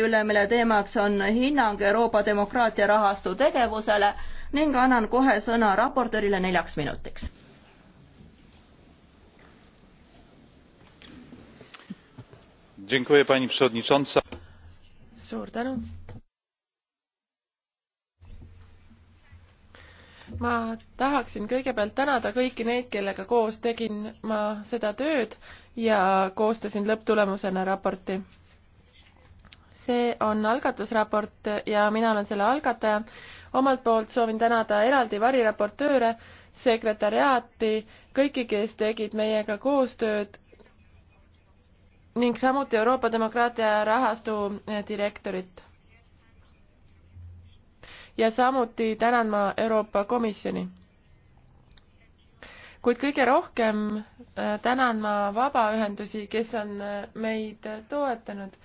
üle, mille teemaks on hinnang Euroopa demokraatia rahastu tegevusele ning annan kohe sõna raportöörile neljaks minutiks. suur tänu. ma tahaksin kõigepealt tänada kõiki neid, kellega koos tegin ma seda tööd ja koostasin lõpptulemusena raporti see on algatusraport ja mina olen selle algataja. omalt poolt soovin tänada eraldi variraportööre, sekretariaati, kõiki, kes tegid meiega koostööd ning samuti Euroopa demokraatia rahastu eh, direktorit. ja samuti tänan ma Euroopa Komisjoni. kuid kõige rohkem eh, tänan ma vabaühendusi, kes on eh, meid toetanud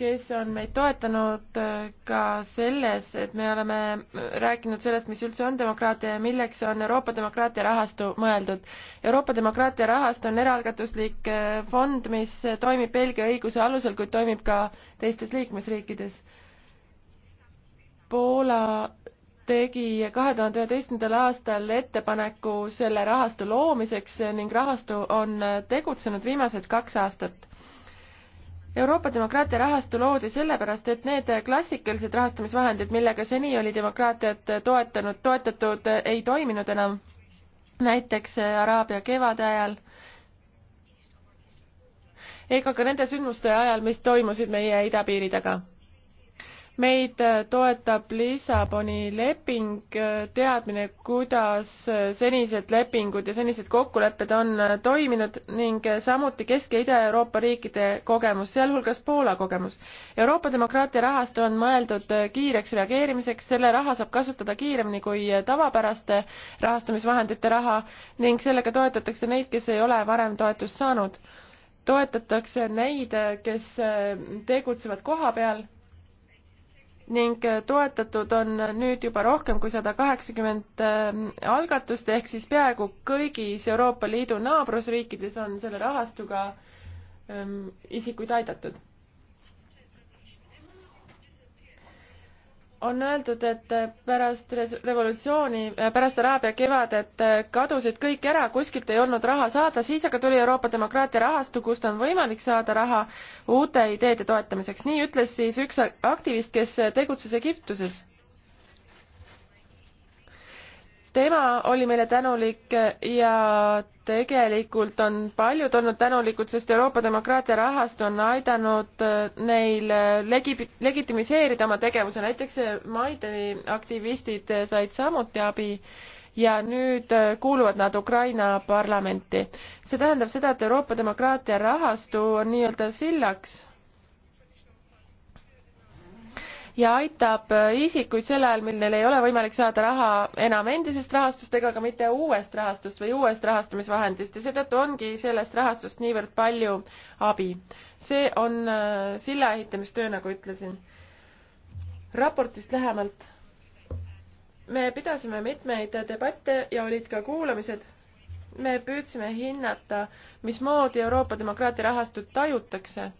kes on meid toetanud äh, ka selles, et me oleme rääkinud sellest, mis üldse on demokraatia ja milleks on Euroopa demokraatia rahastu mõeldud. Euroopa demokraatia rahast on eraalgatuslik äh, fond, mis toimib Belgia õiguse alusel, kuid toimib ka teistes liikmesriikides. Poola tegi kahe tuhande üheteistkümnendal aastal ettepaneku selle rahastu loomiseks ning rahastu on tegutsenud viimased kaks aastat Euroopa demokraatia rahastu loodi sellepärast, et need klassikalised rahastamisvahendid, millega seni oli demokraatiat toetanud, toetatud, ei toiminud enam. näiteks äh, Araabia kevade ajal ega ka nende sündmuste ajal, mis toimusid meie idapiiri taga meid äh, toetab Lissaboni leping, äh, teadmine, kuidas äh, senised lepingud ja senised kokkulepped on toiminud ning samuti Kesk- ja Ida-Euroopa riikide kogemus, sealhulgas Poola kogemus. Euroopa demokraatia rahastu on mõeldud kiireks reageerimiseks, selle raha saab kasutada kiiremini kui tavapäraste rahastamisvahendite raha ning sellega toetatakse neid, kes ei ole varem toetust saanud. toetatakse neid, kes tegutsevad kohapeal ning äh, toetatud on nüüd juba rohkem kui sada kaheksakümmend äh, algatust, ehk siis peaaegu kõigis Euroopa Liidu naabrusriikides on selle rahastuga ähm, isikuid aidatud on öeldud, et pärast revolutsiooni, pärast Araabia kevadet kadusid kõik ära, kuskilt ei olnud raha saada, siis aga tuli Euroopa demokraatia rahastu, kust on võimalik saada raha uute ideede toetamiseks. nii ütles siis üks aktivist, kes tegutses Egiptuses tema oli meile tänulik ja tegelikult on paljud olnud tänulikud, sest Euroopa demokraatia rahastu on aidanud äh, neil äh, legi-, legitimiseerida oma tegevuse, näiteks äh, Maidani aktivistid said samuti abi ja nüüd kuuluvad nad Ukraina parlamenti. see tähendab seda, et Euroopa demokraatia rahastu on nii-öelda sillaks ja aitab äh, isikuid sel ajal, mil neil ei ole võimalik saada raha enam endisest rahastust ega ka mitte uuest rahastust või uuest rahastamisvahendist ja seetõttu ongi sellest rahastust niivõrd palju abi. see on äh, silla ehitamistöö, nagu ütlesin. raportist lähemalt. me pidasime mitmeid debatte ja olid ka kuulamised. me püüdsime hinnata, mismoodi Euroopa demokraatia rahastut tajutakse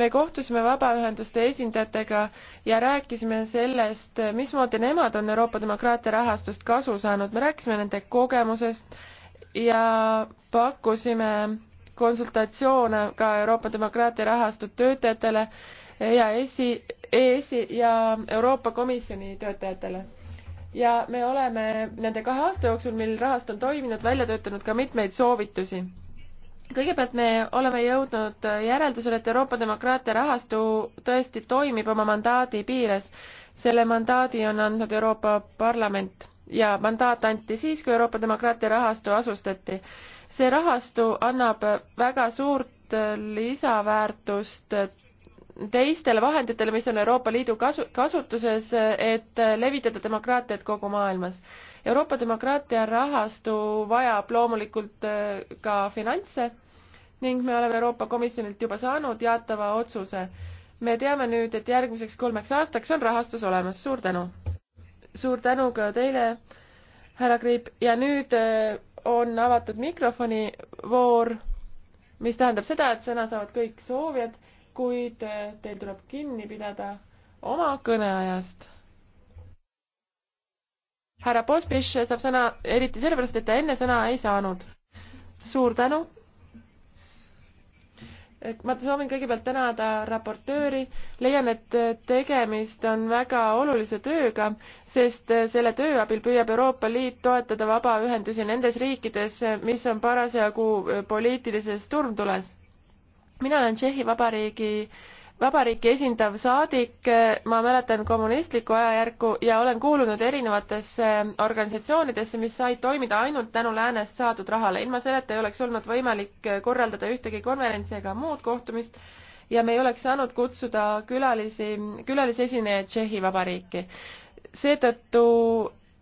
me kohtusime vabaühenduste esindajatega ja rääkisime sellest, mismoodi nemad on Euroopa demokraatia rahastust kasu saanud, me rääkisime nende kogemusest ja pakkusime konsultatsioone ka Euroopa demokraatia rahastut töötajatele ja EAS-i, EAS-i ja Euroopa Komisjoni töötajatele ja me oleme nende kahe aasta jooksul, mil rahast on toiminud, välja töötanud ka mitmeid soovitusi kõigepealt me oleme jõudnud järeldusele, et Euroopa demokraatia rahastu tõesti toimib oma mandaadi piires. selle mandaadi on andnud Euroopa Parlament ja mandaat anti siis, kui Euroopa demokraatia rahastu asustati. see rahastu annab väga suurt lisaväärtust teistele vahenditele, mis on Euroopa Liidu kasu, kasutuses, et levitada demokraatiat kogu maailmas Euroopa demokraatia rahastu vajab loomulikult äh, ka finantse ning me oleme Euroopa Komisjonilt juba saanud jaatava otsuse. me teame nüüd, et järgmiseks kolmeks aastaks on rahastus olemas, suur tänu! suur tänu ka teile, härra Kriip, ja nüüd äh, on avatud mikrofoni voor, mis tähendab seda, et sõna saavad kõik soovijad, kuid äh, teil tuleb kinni pidada oma kõneajast härra Pospiš saab sõna eriti sellepärast, et ta enne sõna ei saanud. suur tänu. ma soovin kõigepealt tänada raportööri, leian, et tegemist on väga olulise tööga, sest selle töö abil püüab Euroopa Liit toetada vabaühendusi nendes riikides, mis on parasjagu poliitilises turmtules mina olen Tšehhi Vabariigi äh, vabariiki esindav saadik, eh, ma mäletan kommunistlikku ajajärku ja olen kuulunud erinevatesse eh, organisatsioonidesse, mis said toimida ainult tänu läänest saadud rahale. ilma selleta ei oleks olnud võimalik eh, korraldada ühtegi konverentsi ega muud kohtumist ja me ei oleks saanud kutsuda külalisi, külalisesinejaid Tšehhi Vabariiki. seetõttu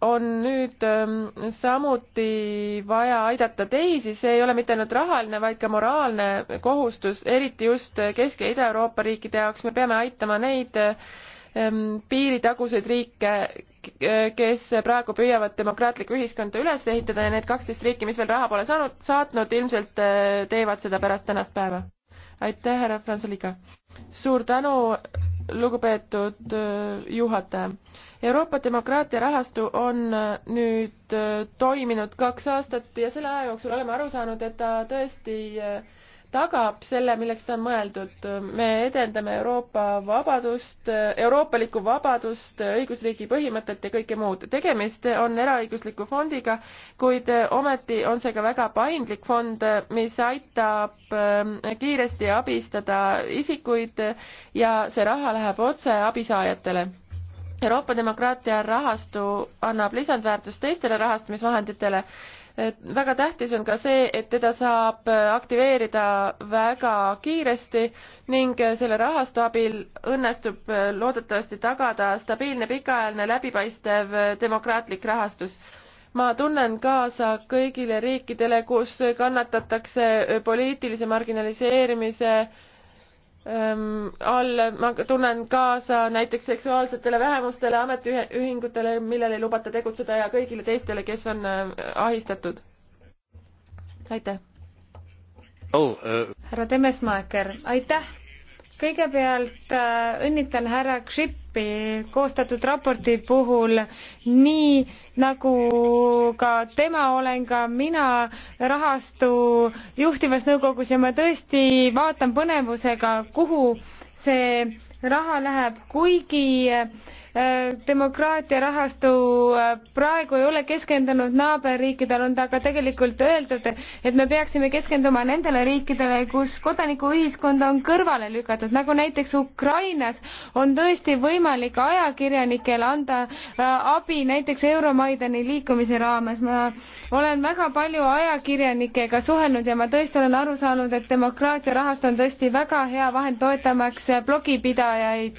on nüüd ähm, samuti vaja aidata teisi, see ei ole mitte ainult rahaline, vaid ka moraalne kohustus, eriti just Kesk- ja Ida-Euroopa riikide jaoks, me peame aitama neid ähm, piiritaguseid riike, kes praegu püüavad demokraatlikku ühiskonda üles ehitada ja need kaksteist riiki, mis veel raha pole saanud, saatnud, ilmselt äh, teevad seda pärast tänast päeva. aitäh, härra Fransoliga! suur tänu lugupeetud äh, juhataja. Euroopa demokraatia rahastu on äh, nüüd äh, toiminud kaks aastat ja selle aja jooksul oleme aru saanud, et ta tõesti tagab selle, milleks ta on mõeldud. me edendame Euroopa vabadust, euroopalikku vabadust, õigusriigi põhimõtet ja kõike muud. tegemist on eraõigusliku fondiga, kuid ometi on see ka väga paindlik fond, mis aitab ähm, kiiresti abistada isikuid ja see raha läheb otse abisaajatele Euroopa demokraatia rahastu annab lisandväärtust teistele rahastamisvahenditele väga tähtis on ka see, et teda saab aktiveerida väga kiiresti ning selle rahastu abil õnnestub loodetavasti tagada stabiilne, pikaajaline, läbipaistev demokraatlik rahastus. ma tunnen kaasa kõigile riikidele, kus kannatatakse poliitilise marginaliseerimise Ehm, all ma tunnen kaasa näiteks seksuaalsetele vähemustele, ametiühingutele, millel ei lubata tegutseda ja kõigile teistele, kes on äh, ahistatud. aitäh oh,. Äh. härra uh... Temesmaeker, aitäh. kõigepealt äh, õnnitan härra Kšipi koostatud raporti puhul, nii nagu ka tema, olen ka mina rahastu juhtivas nõukogus ja ma tõesti vaatan põnevusega, kuhu see raha läheb, kuigi äh, Äh, demokraatia rahastu äh, praegu ei ole keskendunud naaberriikidele, on ta aga tegelikult öeldud, et me peaksime keskenduma nendele riikidele, kus kodanikuühiskonda on kõrvale lükatud, nagu näiteks Ukrainas on tõesti võimalik ajakirjanikele anda äh, abi näiteks Euromaidani liikumise raames. ma olen väga palju ajakirjanikega suhelnud ja ma tõesti olen aru saanud, et demokraatia rahast on tõesti väga hea vahend toetamaks blogipidajaid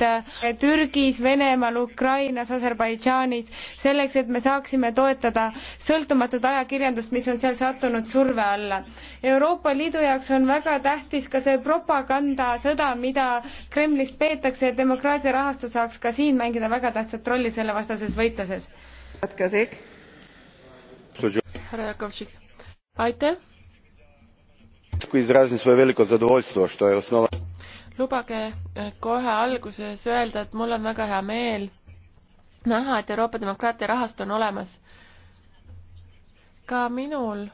Türgis, Venemaal, Ukrainas, Aserbaidžaanis, selleks, et me saaksime toetada sõltumatut ajakirjandust, mis on seal sattunud surve alla. Euroopa Liidu jaoks on väga tähtis ka see propagandasõda, mida Kremlist peetakse ja demokraatia rahastu saaks ka siin mängida väga tähtsat rolli sellevastases võitluses. härra Jakovtšik, aitäh! izrazim svoje veliko zadovoljstvo što je osnovan lubage äh, kohe alguses öelda, et mul on väga hea meel näha, et Euroopa demokraatia rahastu on olemas. ka minul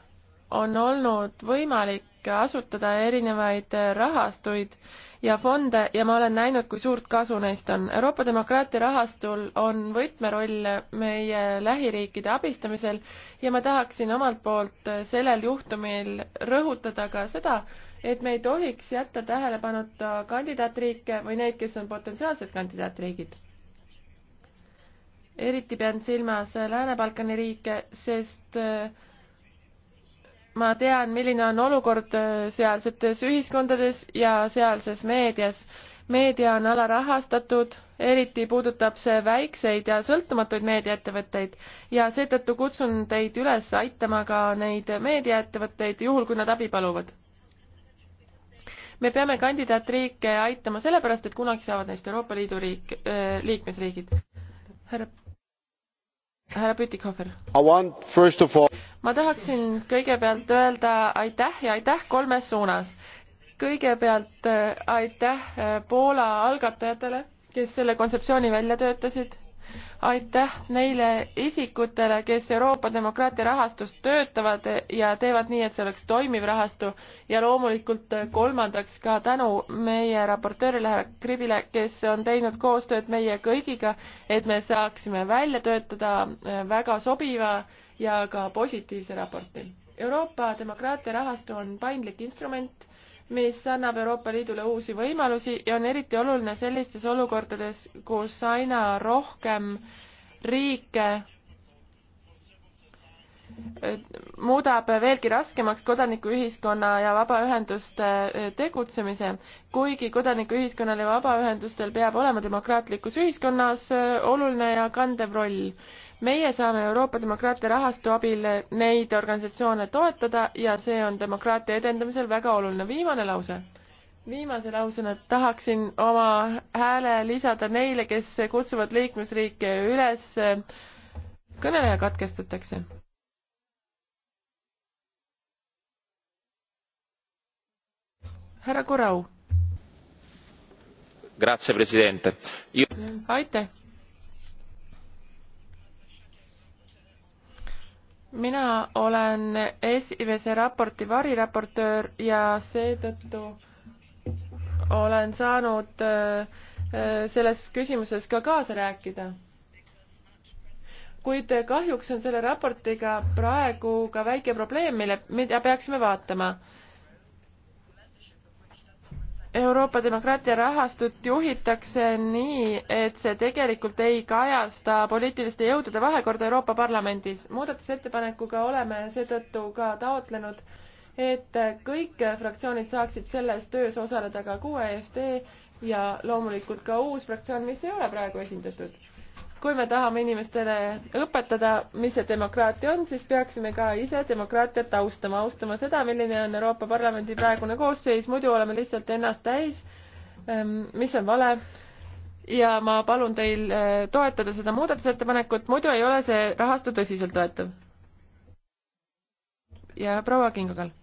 on olnud võimalik asutada erinevaid äh, rahastuid ja fonde ja ma olen näinud, kui suurt kasu neist on. Euroopa demokraatia rahastul on võtmeroll meie lähiriikide abistamisel ja ma tahaksin omalt poolt äh, sellel juhtumil rõhutada ka seda, et me ei tohiks jätta tähelepanuta kandidaatriike või neid, kes on potentsiaalsed kandidaatriigid. eriti pean silmas Lääne-Balkani riike, sest äh, ma tean, milline on olukord äh, sealsetes ühiskondades ja sealses meedias. meedia on alarahastatud, eriti puudutab see väikseid ja sõltumatuid meediaettevõtteid ja seetõttu kutsun teid üles aitama ka neid meediaettevõtteid, juhul kui nad abi paluvad me peame kandidaatriike aitama sellepärast, et kunagi saavad neist Euroopa Liidu riik, äh, liikmesriigid. härra härra Pütikhofer. All... ma tahaksin kõigepealt öelda aitäh ja aitäh kolmes suunas. kõigepealt äh, aitäh äh, Poola algatajatele, kes selle kontseptsiooni välja töötasid aitäh neile isikutele, kes Euroopa demokraatia rahastust töötavad ja teevad nii, et see oleks toimiv rahastu ja loomulikult kolmandaks ka tänu meie raportöörile härra Kribile, kes on teinud koostööd meie kõigiga, et me saaksime välja töötada äh, väga sobiva ja ka positiivse raporti. Euroopa demokraatia rahastu on paindlik instrument mis annab Euroopa Liidule uusi võimalusi ja on eriti oluline sellistes olukordades, kus aina rohkem riike äh, muudab veelgi raskemaks kodanikuühiskonna ja vabaühenduste äh, tegutsemise, kuigi kodanikuühiskonnal ja vabaühendustel peab olema demokraatlikus ühiskonnas äh, oluline ja kandev roll meie saame Euroopa demokraatia rahastu abil neid organisatsioone toetada ja see on demokraatia edendamisel väga oluline. viimane lause. viimase lausena tahaksin oma hääle lisada neile, kes kutsuvad liikmesriike üles. kõneleja katkestatakse. härra Korau. aitäh mina olen esimese raporti variraportöör ja seetõttu olen saanud äh, äh, selles küsimuses ka kaasa rääkida. kuid kahjuks on selle raportiga praegu ka väike probleem, mille, mida peaksime vaatama Euroopa demokraatia rahastut juhitakse nii, et see tegelikult ei kajasta poliitiliste jõudude vahekorda Euroopa Parlamendis. muudatusettepanekuga oleme seetõttu ka taotlenud, et kõik fraktsioonid saaksid selles töös osaleda, ka QEFD ja loomulikult ka uus fraktsioon, mis ei ole praegu esindatud kui me tahame inimestele õpetada, mis see demokraatia on, siis peaksime ka ise demokraatiat austama, austama seda, milline on Euroopa Parlamendi praegune koosseis, muidu oleme lihtsalt ennast täis, ehm, mis on vale. ja ma palun teil eh, toetada seda muudatusettepanekut, muidu ei ole see rahastu tõsiseltvõetav. ja proua Kingakall.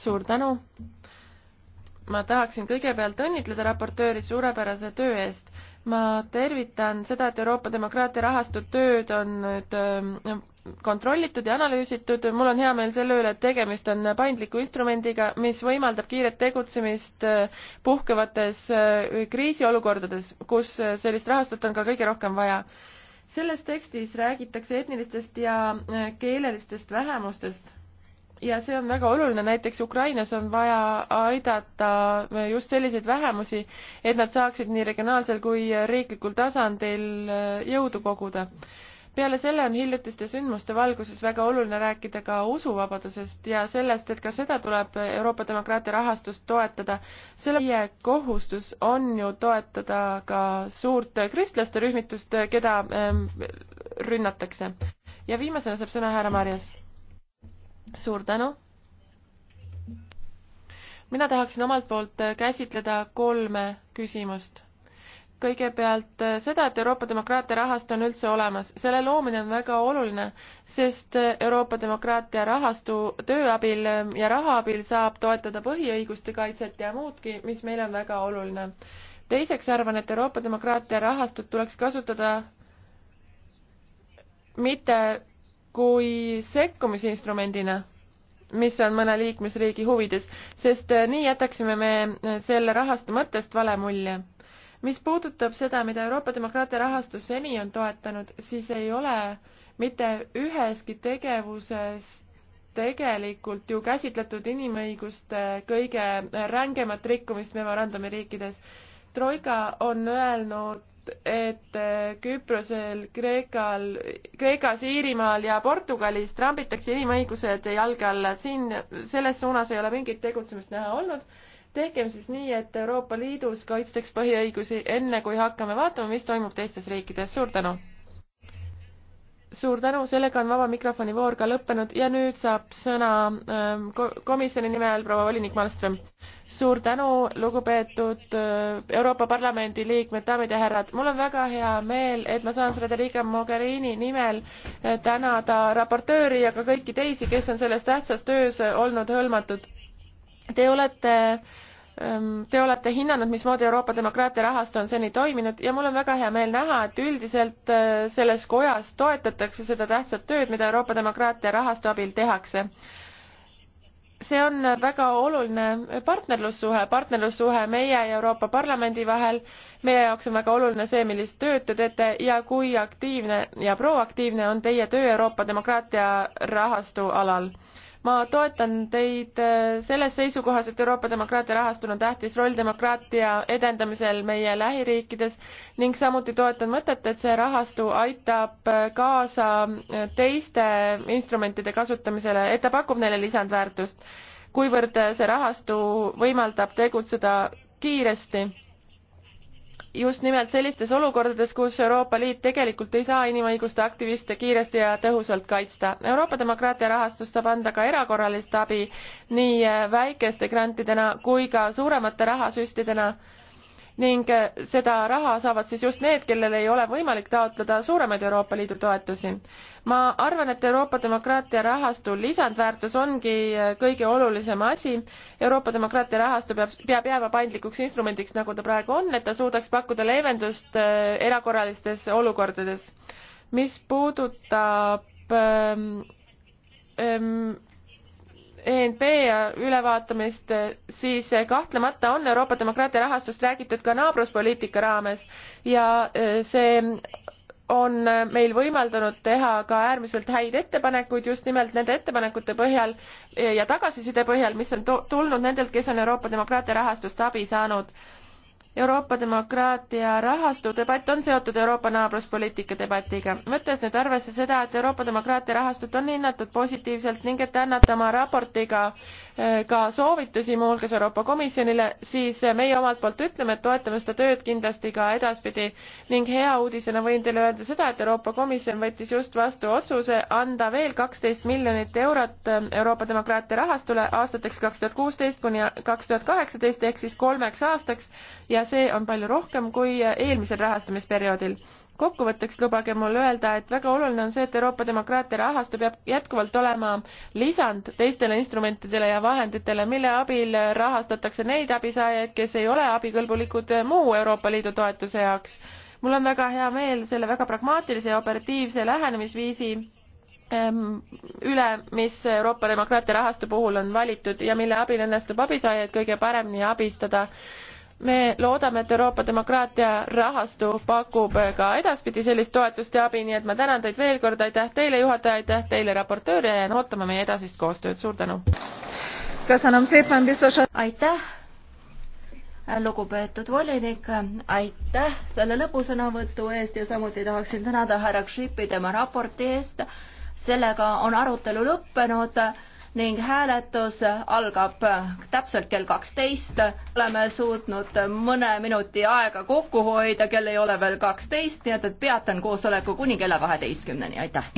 suur tänu ma tahaksin kõigepealt õnnitleda raportööri suurepärase töö eest. ma tervitan seda, et Euroopa demokraatia rahastud tööd on nüüd ähm, kontrollitud ja analüüsitud, mul on hea meel selle üle, et tegemist on paindliku instrumendiga, mis võimaldab kiiret tegutsemist äh, puhkevates äh, kriisiolukordades, kus äh, sellist rahastut on ka kõige rohkem vaja selles tekstis räägitakse etnilistest ja keelelistest vähemustest ja see on väga oluline, näiteks Ukrainas on vaja aidata just selliseid vähemusi, et nad saaksid nii regionaalsel kui riiklikul tasandil jõudu koguda. peale selle on hiljutiste sündmuste valguses väga oluline rääkida ka usuvabadusest ja sellest, et ka seda tuleb Euroopa demokraatia rahastust toetada. selle meie kohustus on ju toetada ka suurt kristlaste rühmitust, keda ähm, rünnatakse. ja viimasena saab sõna härra Marjas suur tänu! mina tahaksin omalt poolt käsitleda kolme küsimust. kõigepealt seda, et Euroopa demokraatia rahastu on üldse olemas. selle loomine on väga oluline, sest Euroopa demokraatia rahastu töö abil ja raha abil saab toetada põhiõiguste kaitset ja muudki, mis meile on väga oluline. teiseks arvan, et Euroopa demokraatia rahastut tuleks kasutada mitte kui sekkumisinstrumendina, mis on mõne liikmesriigi huvides, sest äh, nii jätaksime me äh, selle rahastu mõttest vale mulje. mis puudutab seda, mida Euroopa demokraatia rahastus seni on toetanud, siis ei ole mitte üheski tegevuses tegelikult ju käsitletud inimõiguste kõige rängemat rikkumist memorandumi riikides. troika on öelnud et Küprosel, Kreekal, Kreekas, Iirimaal ja Portugalis trambitakse inimõigused jalge alla, siin selles suunas ei ole mingit tegutsemist näha olnud. tehkem siis nii, et Euroopa Liidus kaitstaks põhiõigusi, enne kui hakkame vaatama, mis toimub teistes riikides. suur tänu! suur tänu, sellega on vaba mikrofoni voor ka lõppenud ja nüüd saab sõna ähm, komisjoni nimel proua volinik Malmström. suur tänu, lugupeetud äh, Euroopa Parlamendi liikmed, daamid ja härrad. mul on väga hea meel, et ma saan Frederica Mogherini nimel äh, tänada raportööri ja ka kõiki teisi, kes on selles tähtsas töös äh, olnud hõlmatud. Te olete äh, Ehm, te olete hinnanud, mismoodi Euroopa demokraatia rahastu on seni toiminud ja mul on väga hea meel näha, et üldiselt äh, selles kojas toetatakse seda tähtsat tööd, mida Euroopa demokraatia rahastu abil tehakse. see on väga oluline partnerlussuhe, partnerlussuhe meie ja Euroopa Parlamendi vahel. meie jaoks on väga oluline see, millist tööd te teete ja kui aktiivne ja proaktiivne on teie töö Euroopa demokraatia rahastu alal ma toetan teid äh, selles seisukohas, et Euroopa demokraatia rahastul on tähtis roll demokraatia edendamisel meie lähiriikides ning samuti toetan mõtet, et see rahastu aitab äh, kaasa äh, teiste instrumentide kasutamisele, et ta pakub neile lisandväärtust, kuivõrd see rahastu võimaldab tegutseda kiiresti just nimelt sellistes olukordades, kus Euroopa Liit tegelikult ei saa inimõiguste aktiviste kiiresti ja tõhusalt kaitsta. Euroopa demokraatia rahastust saab anda ka erakorralist abi nii väikeste grantidena kui ka suuremate rahasüstidena ning äh, seda raha saavad siis just need, kellel ei ole võimalik taotleda suuremaid Euroopa Liidu toetusi. ma arvan, et Euroopa demokraatia rahastu lisandväärtus ongi äh, kõige olulisem asi. Euroopa demokraatia rahastu peab, peab jääma paindlikuks instrumendiks, nagu ta praegu on, et ta suudaks pakkuda leevendust äh, erakorralistes olukordades. mis puudutab ähm, ähm, ENP ülevaatamist, siis kahtlemata on Euroopa demokraatia rahastust räägitud ka naabruspoliitika raames ja e, see on meil võimaldanud teha ka äärmiselt häid ettepanekuid just nimelt nende ettepanekute põhjal e, ja tagasiside põhjal, mis on tulnud nendelt, kes on Euroopa demokraatia rahastust abi saanud Euroopa demokraatia rahastu debatt on seotud Euroopa naabruspoliitika debatiga. võttes nüüd arvesse seda, et Euroopa demokraatia rahastut on hinnatud positiivselt ning et te annate oma raportiga eh, ka soovitusi muuhulgas Euroopa Komisjonile, siis meie omalt poolt ütleme, et toetame seda tööd kindlasti ka edaspidi ning hea uudisena võin teile öelda seda, et Euroopa Komisjon võttis just vastu otsuse anda veel kaksteist miljonit eurot eh, Euroopa demokraatia rahastule aastateks kaks tuhat kuusteist kuni kaks tuhat kaheksateist ehk siis kolmeks aastaks ja see on palju rohkem kui eelmisel rahastamisperioodil. kokkuvõtteks lubage mul öelda, et väga oluline on see, et Euroopa demokraatia rahastu peab jätkuvalt olema lisand teistele instrumentidele ja vahenditele, mille abil rahastatakse neid abisaajaid, kes ei ole abikõlbulikud muu Euroopa Liidu toetuse jaoks. mul on väga hea meel selle väga pragmaatilise ja operatiivse lähenemisviisi ehm, üle, mis Euroopa demokraatia rahastu puhul on valitud ja mille abil õnnestub abisaajaid kõige paremini abistada me loodame, et Euroopa demokraatia rahastu pakub ka edaspidi sellist toetust ja abi, nii et ma tänan teid veel kord, aitäh teile, juhataja, aitäh teile, raportöör ja jään ootama meie edasist koostööd, suur tänu. aitäh, lugupeetud volinik, aitäh selle lõpusõnavõtu eest ja samuti tahaksin tänada härra Kšipi tema raporti eest. sellega on arutelu lõppenud ning hääletus algab täpselt kell kaksteist. oleme suutnud mõne minuti aega kokku hoida, kell ei ole veel kaksteist, nii et, et peatan koosoleku kuni kella kaheteistkümneni, aitäh.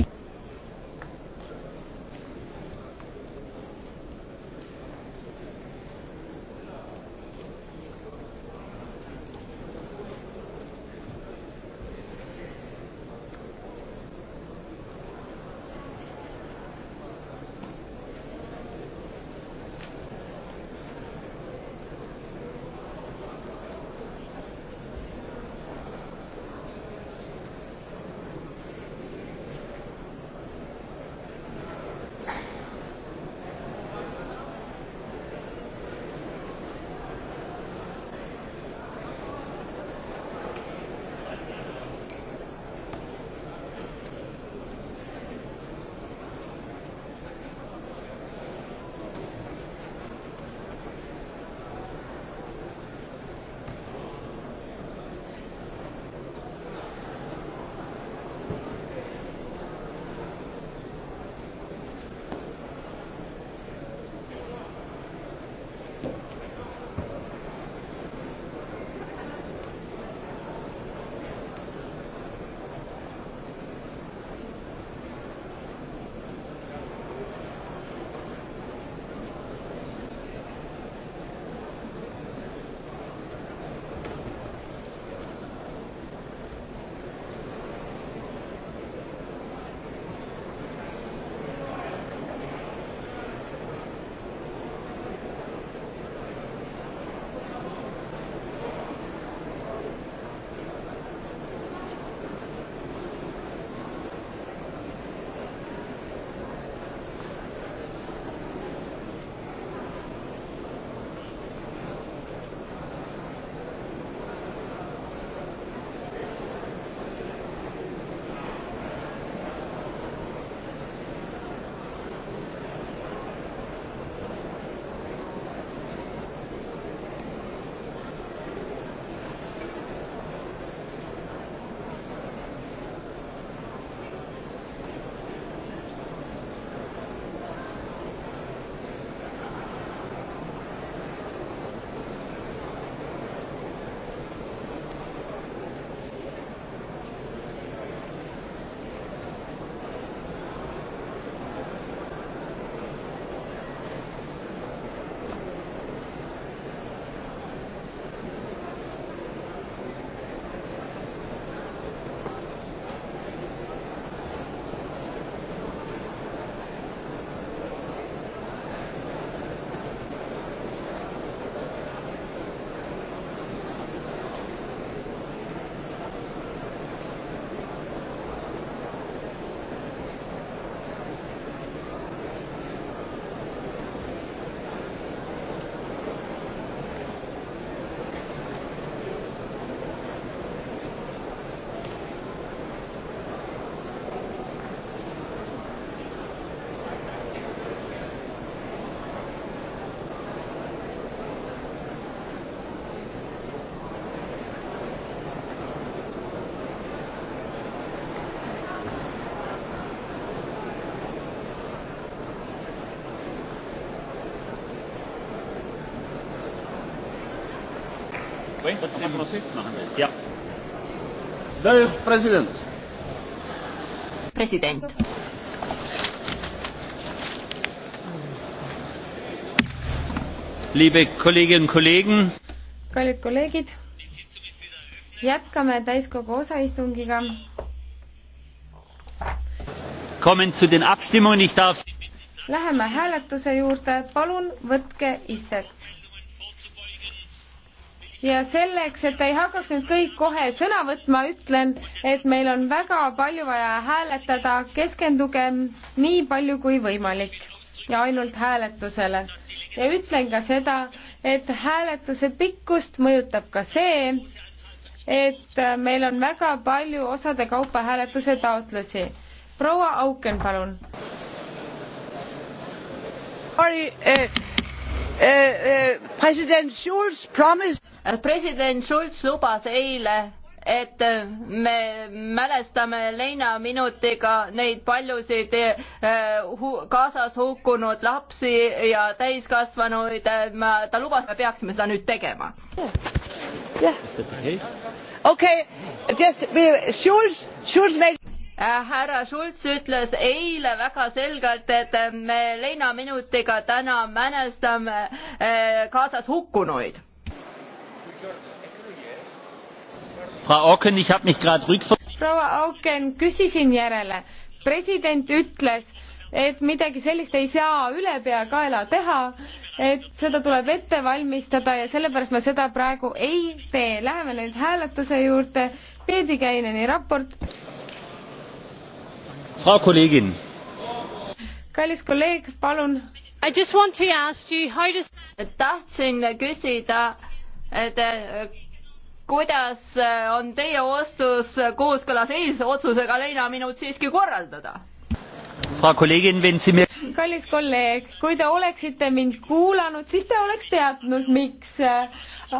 jah. president. president. Liebe Kolleginnen und Kollegen. kallid kolleegid, jätkame täiskogu osaistungiga. Kommen zu den Abstimmungen, ich darf. Läheme hääletuse juurde, palun võtke istet ja selleks, et ei hakkaks nüüd kõik kohe sõna võtma, ütlen, et meil on väga palju vaja hääletada, keskendugem nii palju kui võimalik ja ainult hääletusele. ja ütlen ka seda, et hääletuse pikkust mõjutab ka see, et meil on väga palju osade kaupa hääletuse taotlusi. proua Auken, palun. Sorry, uh, uh, uh, President Schulz promised president Schulz lubas eile et me mälestame leinaminutiga neid paljusid eh, kaasas hukkunud lapsi ja täiskasvanuid, ta lubas, me peaksime seda nüüd tegema. okei, Schulz, Schulz meil eh, härra Schulz ütles eile väga selgelt, et me leinaminutiga täna mälestame eh, kaasas hukkunuid proua Auken, küsisin järele. president ütles, et midagi sellist ei saa ülepeakaela teha, et seda tuleb ette valmistada ja sellepärast me seda praegu ei tee. Läheme nüüd hääletuse juurde. Peeti Käineni raport. Frau Kollegin kallis kolleeg, palun. Does... tahtsin küsida, et kuidas äh, on teie ostus kooskõlas eilse otsusega leinaminud siiski korraldada? kallis kolleeg, kui te oleksite mind kuulanud, siis te oleks teadnud, miks.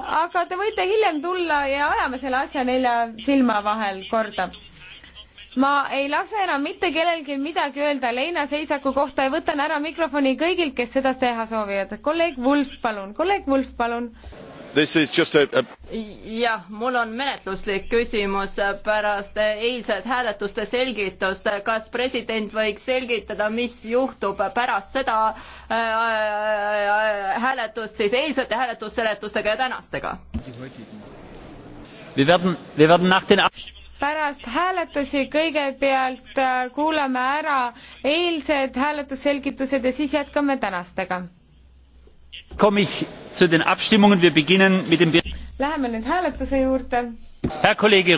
aga te võite hiljem tulla ja ajame selle asja nelja silma vahel korda ma ei lase enam mitte kellelgi midagi öelda leinaseisaku kohta ja võtan ära mikrofoni kõigilt, kes seda teha soovivad. kolleeg Wulf, palun, kolleeg Wulf, palun jah, mul on menetluslik küsimus pärast eilset hääletuste selgitust, kas president võiks selgitada, mis juhtub pärast seda äh, äh hääletust, siis eilsete hääletusseletustega ja tänastega? pärast hääletusi kõigepealt äh, kuulame ära eilsed hääletusselgitused ja siis jätkame tänastega Läheme nüüd hääletuse juurde. kolleeg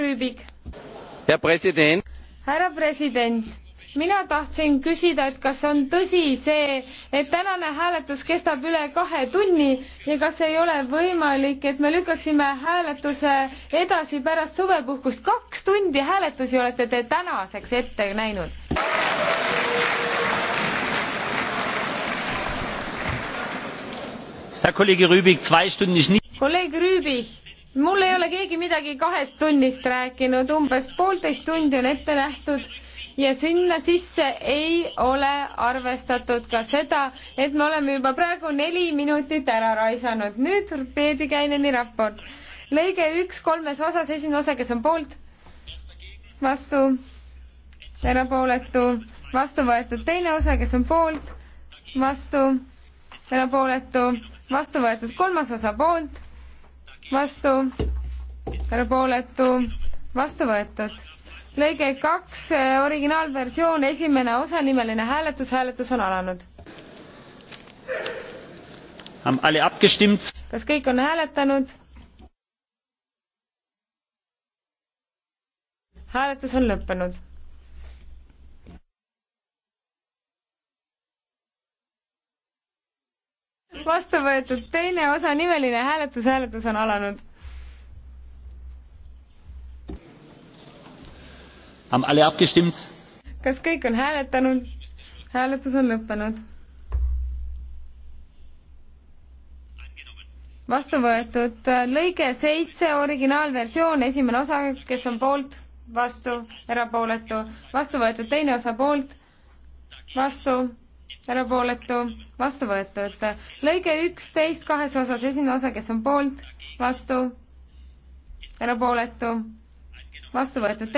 Rüübik. härra president mina tahtsin küsida, et kas on tõsi see, et tänane hääletus kestab üle kahe tunni ja kas ei ole võimalik, et me lükkaksime hääletuse edasi pärast suvepuhkust. kaks tundi hääletusi olete te tänaseks ette näinud. kolleeg Rüübich, mul ei ole keegi midagi kahest tunnist rääkinud, umbes poolteist tundi on ette nähtud ja sinna sisse ei ole arvestatud ka seda, et me oleme juba praegu neli minutit ära raisanud. nüüd Peeti Käineni raport. lõige üks kolmes osas, esimene osa, kes on poolt, vastu, erapooletu, vastu võetud teine osa, kes on poolt, vastu, erapooletu vastu võetud kolmas osa poolt, vastu, erapooletu, vastu võetud. lõige kaks, originaalversioon, esimene osa, nimeline hääletus, hääletus on alanud. kas kõik on hääletanud? hääletus on lõppenud vastu võetud, teine osa, nimeline hääletus, hääletus on alanud. kas kõik on hääletanud? hääletus on lõppenud. vastu võetud lõige seitse, originaalversioon, esimene osa, kes on poolt, vastu, erapooletu, vastu võetud teine osa poolt, vastu erapooletu, vastu võetud. lõige üksteist kahes osas, esimene osa, kes on poolt, vastu, erapooletu, vastu võetud.